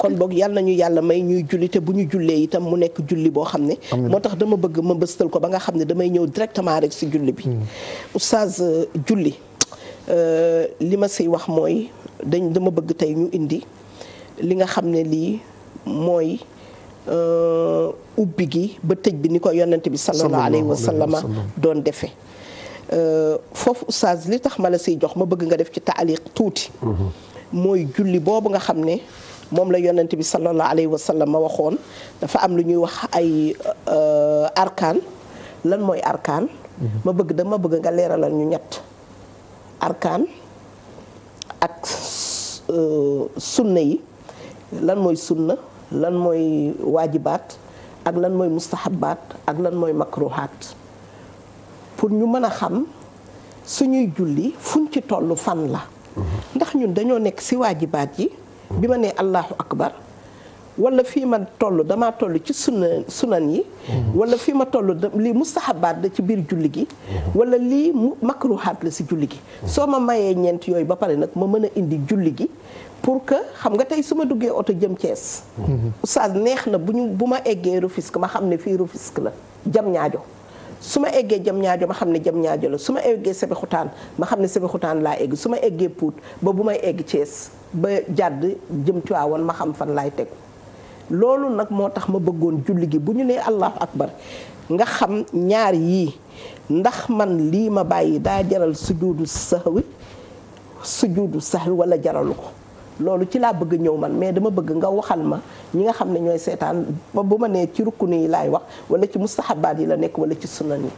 kon boog yàlla nañu yàlla may ñuy julli te bu ñu jullee itam mu nekk julli boo xam ne moo tax dama bëgg ma bëstal ko ba nga xam ne damay ñëw directement rek si julli bi hmm. oustaz euh, julli euh, li ma siy wax mooy dañ dama bëgg tey ñu indi li nga xam ne lii mooy euh, ubbi gi ba tëj bi ni ko yonent bi sallallahu alayhi wa doon defee foofu oustaz li tax ma la siy jox ma bëgg nga def ci taaliq tuuti hmm. mooy julli boobu nga xam ne moom la yonent bi sallallahu alayhi wa sallam ma waxoon dafa am lu ñuy wax ay euh, arkaan lan mooy arkaan mhm. ma bëgg dama bëgg nga leeralal ñu ñett arkaan ak euh, sunna yi lan mooy sunna lan mooy waajibaat ak lan mooy mustahabaat ak lan mooy makruhaat pour ñu mën a xam suñuy julli fuñ ci tollu fan la mhm. ndax ñun dañoo nekk ci waajibaat yi bi ma nee allahu akbar walla fii ma toll damaa toll ci sunan sunan yi wala fii ma toll lii mustahabaat la ci biir julli gi wala lii makruhaat la si julli gi soo ma mayee ñeent yooyu ba pare nag ma mën a indi julli gi pour que xam nga tey su ma duggee oto jëm Thiès oustaz neex na bu ñu bu ma eggee Rufisque ma xam ne fii Rufisque la jam ñaajo su ma eggee jam ñaajo ma xam ne jam ñaajo la su ma eggee Sébikotane ma xam ne Sébikotane laa egg su ma eggee Pout ba bu may egg Thiès ba jàdd jëm Tiwaawan ma xam fan laay tegu loolu nag moo tax ma bëggoon julli gi bu ñu nee allahu akbar nga xam ñaar yii ndax man lii ma bàyyi daa jaral sujuudu sahwi sujuudu sahwi wala jaralu ko loolu ci laa bëgg ñëw man mais dama bëgg nga waxal ma ñi nga xam ne ñooy seetaan ba bu ma nee ci rukku yi laay wax wala ci mustahabaat yi la nekk wala ci sunan yi